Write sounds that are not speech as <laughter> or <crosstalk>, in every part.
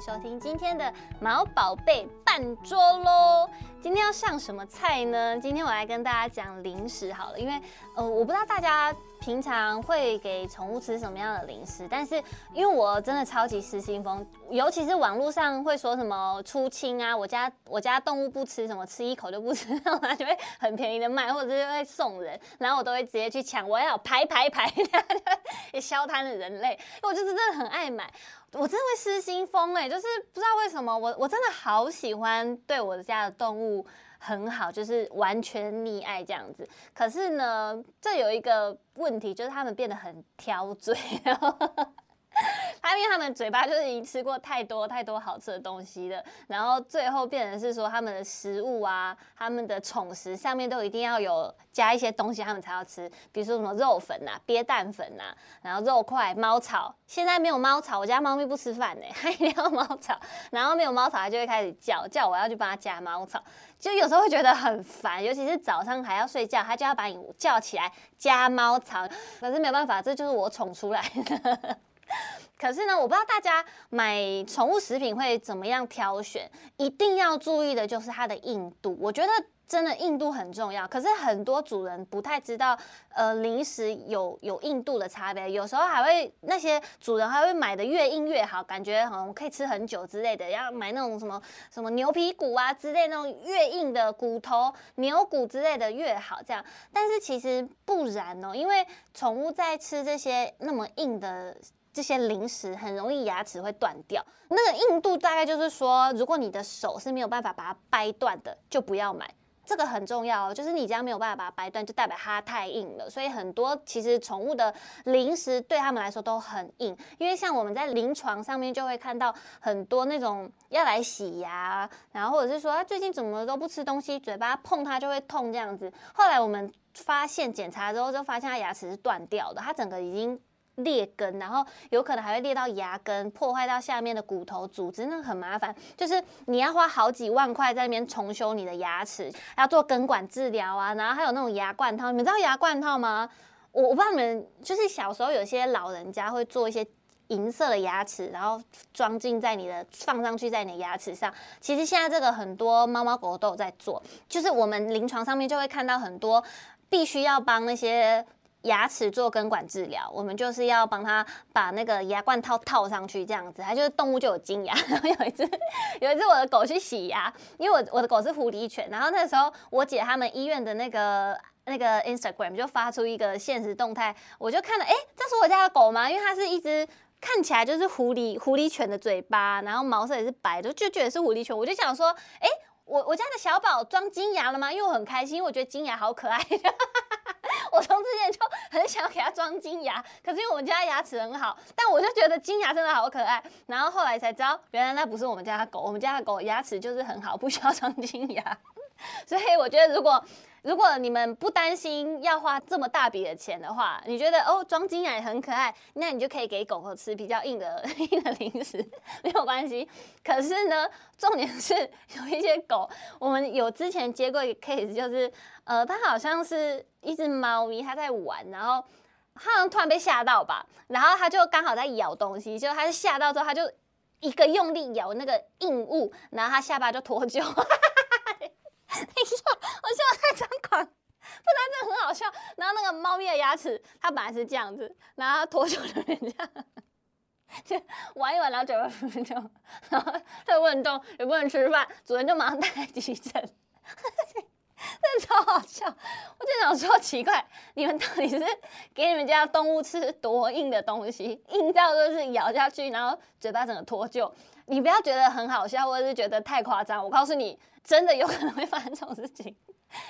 收聽今天的毛寶貝飯桌嘍！今天要上什麼菜呢？今天我來跟大家講零食好了，因為呃，我不知道大家平常會給寵物吃什麼樣的零食，但是因為我真的超級失心瘋，尤其是網絡上會說什麼出清啊，我家我家動物不吃什麼，吃一口就不吃，然後就會很便宜的賣，或者就會送人，然後我都會直接去搶，我要排排排，然後就消癱的人類，因為我就是真的很愛買。我真的會失心瘋哎、欸，就是不知道為什麼，我我真的好喜歡對我家的動物很好，就是完全溺愛這樣子。可是呢，這有一個問題，就是他們變得很挑嘴。 <laughs> 因為他們嘴巴就是已經吃過太多太多好吃的東西了，然後最後變成是說他們的食物啊，他們的寵食上面都一定要有加一些東西，他們才要吃，比如說什麼肉粉吶、鱉蛋粉吶、啊，然後肉塊、貓草。現在沒有貓草，我家貓咪不吃飯呢，它一定要貓草，然後沒有貓草，它就會開始叫叫，我要去幫它加貓草，就有時候會覺得很煩，尤其是早上還要睡覺，它就要把你叫起來加貓草，可是沒有辦法，這就是我寵出來的。 <laughs> 可是呢，我不知道大家買寵物食品會怎麼樣挑選。一定要注意的就是它的硬度，我覺得真的硬度很重要。可是很多主人不太知道，呃，零食有有硬度的差別，有時候還會那些主人還會買的越硬越好，感覺好像可以吃很久之類的。要買那種什麼什麼牛皮骨啊之類那種越硬的骨頭、牛骨之類的越好這樣。但是其實不然喔，因為寵物在吃這些那麼硬的。這些零食很容易牙齒會斷掉，那個硬度大概就是說，如果你的手是沒有辦法把它掰斷的，就不要買。這個很重要哦，就是你這樣沒有辦法把它掰斷，就代表它太硬了。所以很多其實寵物的零食對他們來說都很硬，因為像我們在臨床上面就會看到很多那種要來洗牙，然後或者是說他最近怎麼都不吃東西，嘴巴碰它就會痛這樣子。後來我們發現檢查之後，就發現它牙齒是斷掉的，它整個已經。裂根，然後有可能還會裂到牙根，破壞到下面的骨頭組織，那很麻煩，就是你要花好幾萬塊在那邊重修你的牙齒，還要做根管治療啊，然後還有那種牙冠套。你們知道牙冠套嗎？我我不知道你們，就是小時候有些老人家會做一些銀色的牙齒，然後裝進在你的放上去在你的牙齒上。其實現在這個很多貓貓狗狗都有在做，就是我們臨床上面就會看到很多必須要幫那些。牙齒做根管治療，我們就是要幫他把那個牙冠套套上去，這樣子。它就是動物就有金牙，然後有一次，有一次我的狗去洗牙，因為我我的狗是狐狸犬，然後那時候我姐他們醫院的那個那個 Instagram 就發出一個限時動態，我就看了，哎、欸，這是我家的狗嗎？因為它是一隻看起來就是狐狸狐狸犬的嘴巴，然後毛色也是白的，就覺得是狐狸犬，我就想說，哎、欸，我我家的小寶裝金牙了嗎？因為我很開心，因為我覺得金牙好可愛。 <laughs> 我從之前就很想要給它裝金牙，可是因為我們家的牙齒很好，但我就覺得金牙真的好可愛。然後後來才知道，原來那不是我們家的狗，我們家的狗牙齒就是很好，不需要裝金牙。 <laughs> 所以我覺得如果……如果你們不擔心要花這麼大筆的錢的話，你覺得哦裝精養也很可愛，那你就可以給狗狗吃比較硬的硬的零食，沒有關係。可是呢，重點是有一些狗，我們有之前接過一個 case，就是呃，它好像是一只貓咪，它在玩，然後它好像突然被嚇到吧，然後它就剛好在咬東西，就它是嚇到之後，它就一個用力咬那個硬物，然後它下巴就脫臼了。你 <laughs> 他真的很好笑，然後那個貓咪的牙齒，它本來是這樣子，然後它脫臼了，人家就玩一玩，然後嘴巴不，不，不，就就不能動，然後它不能動也不能吃飯，主人就馬上帶來急診。真的超好笑，我就想說奇怪，你們到底是給你們家動物吃多硬的東西，硬到就是咬下去，然後嘴巴整個脫臼？你不要覺得很好笑，或者是覺得太誇張，我告訴你，真的有可能會發生這種事情。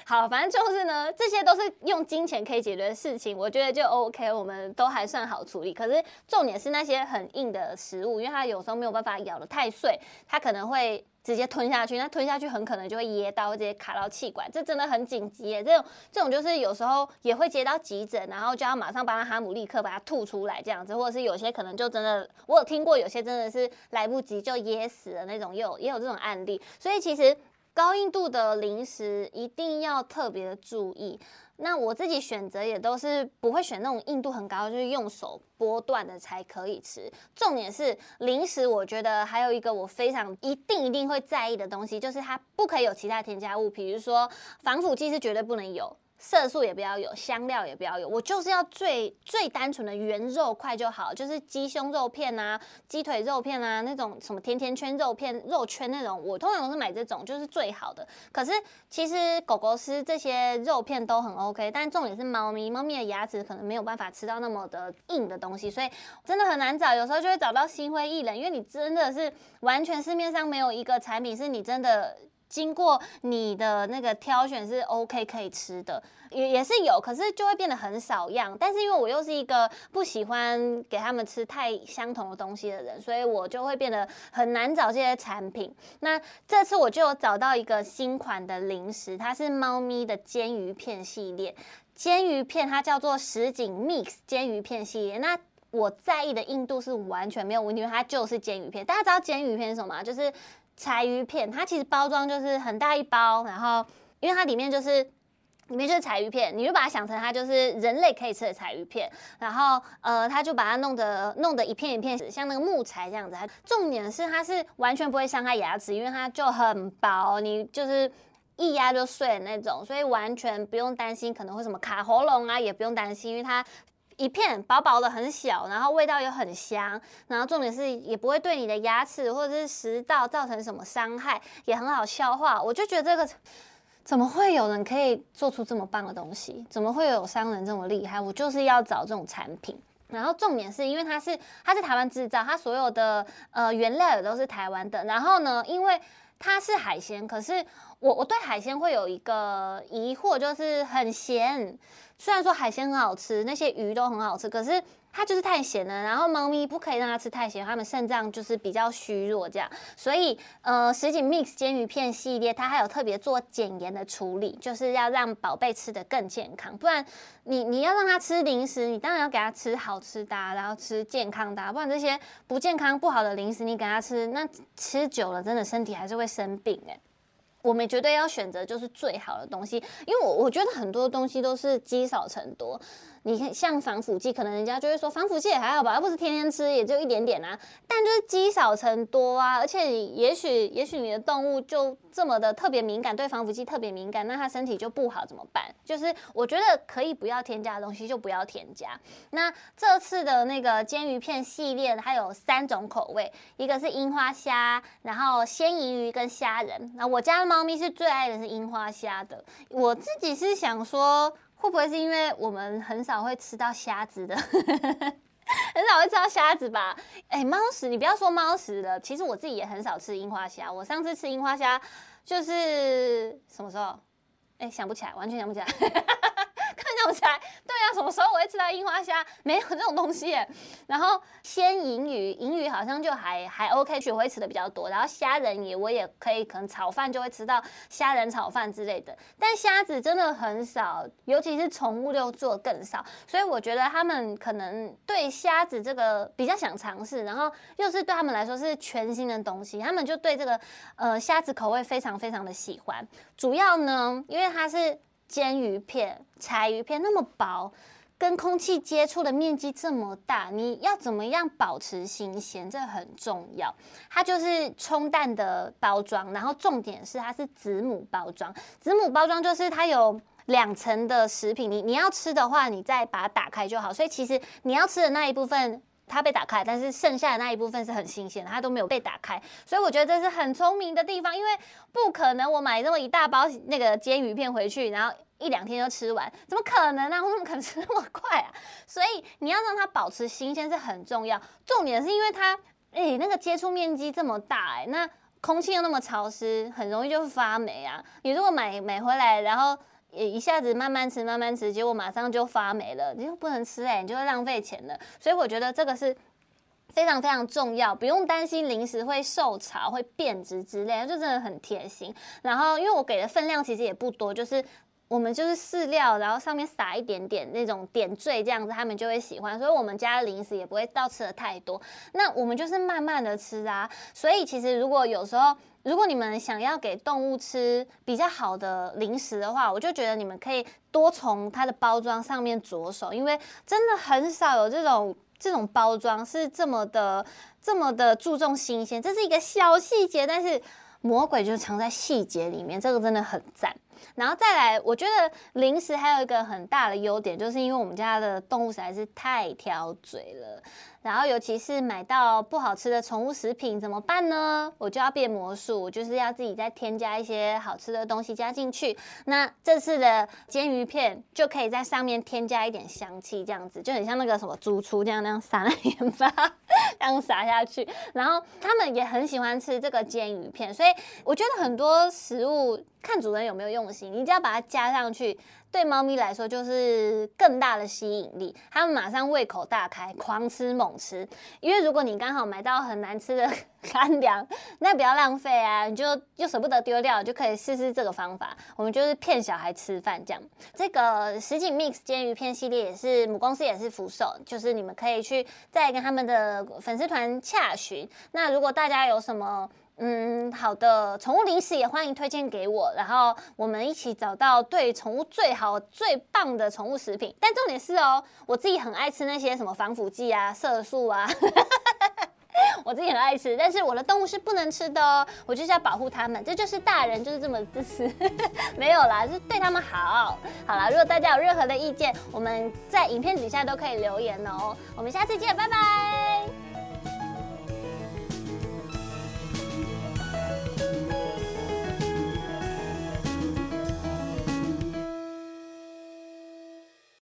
好，反正就是呢，這些都是用金錢可以解決的事情，我覺得就 OK，我們都還算好處理。可是重點是那些很硬的食物，因為它有時候沒有辦法咬得太碎，它可能會直接吞下去，那吞下去很可能就會噎到，或者卡到氣管，這真的很緊急欸，這種這種就是有時候也會接到急診，然後就要馬上幫它哈姆立克把它吐出來這樣子，或者是有些可能就真的，我有聽過有些真的是來不及就噎死了那種，也有也有這種案例，所以其實。高硬度的零食一定要特別的注意。那我自己選擇也都是不會選那種硬度很高，就是用手剝斷的才可以吃。重點是零食，我覺得還有一個我非常一定一定會在意的東西，就是它不可以有其他添加物，比如說防腐劑是絕對不能有。色素也不要有，香料也不要有，我就是要最最單純的原肉塊就好，就是雞胸肉片吶、啊，雞腿肉片啊那種什麼甜甜圈肉片、肉圈那種，我通常都是買這種，就是最好的。可是其實狗狗吃這些肉片都很 OK，但重點是貓咪，貓咪的牙齒可能沒有辦法吃到那麼的硬的東西，所以真的很難找，有時候就會找到心灰意冷，因為你真的是完全市面上沒有一個產品是你真的。經過你的那個挑選是 OK 可以吃的，也也是有，可是就會變得很少樣。但是因為我又是一個不喜歡給他們吃太相同的東西的人，所以我就會變得很難找這些產品。那這次我就有找到一個新款的零食，它是貓咪的煎魚片系列。煎魚片它叫做石井 Mix 煎魚片系列。那我在意的硬度是完全沒有問題，因為它就是煎魚片。大家知道煎魚片是什麼嗎？就是。柴魚片，它其實包裝就是很大一包，然後因為它裡面就是裡面就是柴魚片，你就把它想成它就是人類可以吃的柴魚片，然後呃，它就把它弄得弄得一片一片，像那個木材這樣子。重點是它是完全不會傷害牙齒，因為它就很薄，你就是一壓就碎的那種，所以完全不用擔心可能會什麼卡喉嚨啊，也不用擔心，因為它。一片薄薄的很小，然後味道又很香，然後重點是也不會對你的牙齒或者是食道造成什麼傷害，也很好消化。我就覺得這個怎麼會有人可以做出這麼棒的東西？怎麼會有商人這麼厲害？我就是要找這種產品。然後重點是因為它是它是台灣製造，它所有的呃原料也都是台灣的。然後呢，因為它是海鮮，可是。我我對海鮮會有一個疑惑，就是很鹹。雖然說海鮮很好吃，那些魚都很好吃，可是它就是太鹹了。然後貓咪不可以讓它吃太鹹，它們腎臟就是比較虛弱這樣。所以，呃，石井 Mix 煎魚片系列，它還有特別做減鹽的處理，就是要讓寶貝吃得更健康。不然你，你你要讓它吃零食，你當然要給它吃好吃的、啊，然後吃健康的、啊。不然這些不健康、不好的零食你給它吃，那吃久了真的身體還是會生病哎、欸。我們絕對要選擇就是最好的東西，因為我我覺得很多東西都是積少成多。你看，像防腐劑，可能人家就會說防腐劑也還好吧，又不是天天吃，也就一點點啊。但就是積少成多啊，而且你也許也許你的動物就這麼的特別敏感，對防腐劑特別敏感，那它身體就不好怎麼辦？就是我覺得可以不要添加的東西就不要添加。那這次的那個煎魚片系列，它有三種口味，一個是櫻花蝦，然後鮮銀魚跟蝦仁。那我家的貓咪是最愛的是櫻花蝦的，我自己是想說。會不會是因為我們很少會吃到蝦子的？ <laughs> 很少會吃到蝦子吧？哎，欸，貓屎，你不要說貓屎了，其實我自己也很少吃櫻花蝦。我上次吃櫻花蝦就是什麼時候？哎，欸，想不起來，完全想不起來。 <laughs> 對啊，什麼時候我會吃到櫻花蝦？沒有這種東西欸。然後鮮銀魚，銀魚好像就還還 OK，去我會吃的比較多。然後蝦仁也，我也可以可能炒飯就會吃到蝦仁炒飯之類的。但蝦子真的很少，尤其是寵物肉做更少。所以我覺得他們可能對蝦子這個比較想嘗試，然後又是對他們來說是全新的東西，他們就對這個呃蝦子口味非常非常的喜歡。主要呢，因為它是。煎魚片、柴魚片那麼薄，跟空氣接觸的面積這麼大，你要怎麼樣保持新鮮？這很重要。它就是充氮的包裝，然後重點是它是子母包裝。子母包裝就是它有兩層的食品，你你要吃的話，你再把它打開就好。所以其實你要吃的那一部分。它被打開，但是剩下的那一部分是很新鮮，它都沒有被打開，所以我覺得這是很聰明的地方，因為不可能我買那麼一大包那個煎魚片回去，然後一兩天就吃完，怎麼可能呢、啊？我怎麼可能吃那麼快啊？所以你要讓它保持新鮮是很重要，重點是因為它誒、欸、那個接觸面積這麼大、欸，哎，那空氣又那麼潮濕，很容易就發霉啊。你如果買買回來，然後。也一下子慢慢吃慢慢吃，結果馬上就發霉了。你又不能吃哎、欸，你就會浪費錢了。所以我覺得這個是非常非常重要，不用擔心零食會受潮、會變質之類的，就真的很貼心。然後因為我給的分量其實也不多，就是。我們就是飼料，然後上面撒一點點那種點綴，這樣子他們就會喜歡。所以，我們家的零食也不會倒吃的太多。那我們就是慢慢的吃啊。所以，其實如果有時候，如果你們想要給動物吃比較好的零食的話，我就覺得你們可以多從它的包裝上面着手，因為真的很少有這種這種包裝是這麼的、這麼的注重新鮮，這是一個小細節，但是魔鬼就藏在細節裡面，這個真的很讚。然後再來，我覺得零食還有一個很大的優點，就是因為我們家的動物實在是太挑嘴了，然後尤其是買到不好吃的寵物食品怎麼辦呢？我就要變魔術，就是要自己再添加一些好吃的東西加進去。那這次的鰹魚片就可以在上面添加一點香氣，這樣子就很像那個什麼主廚這樣那樣撒鹽巴，這樣撒下去。然後他們也很喜歡吃這個鰹魚片，所以我覺得很多食物。看主人有沒有用心，你只要把它加上去，對貓咪來說就是更大的吸引力，它們馬上胃口大開，狂吃猛吃。因為如果你剛好買到很難吃的乾 <laughs> 糧，那不要浪費啊，你就又捨不得丟掉，就可以試試這個方法。我們就是騙小孩吃飯這樣。這個石井 Mix 煎魚片系列也是母公司也是福壽，就是你們可以去再跟他們的粉絲團洽詢。那如果大家有什麼？嗯，好的，寵物零食也歡迎推薦給我，然後我們一起找到對寵物最好、最棒的寵物食品。但重點是哦，我自己很愛吃那些什麼防腐劑啊、色素啊，呵呵呵，我自己很愛吃。但是我的動物是不能吃的哦，我就是要保護它們。這就是大人就是這麼自私，沒有啦，是對他們好。好啦，如果大家有任何的意見，我們在影片底下都可以留言哦。我們下次見，拜拜。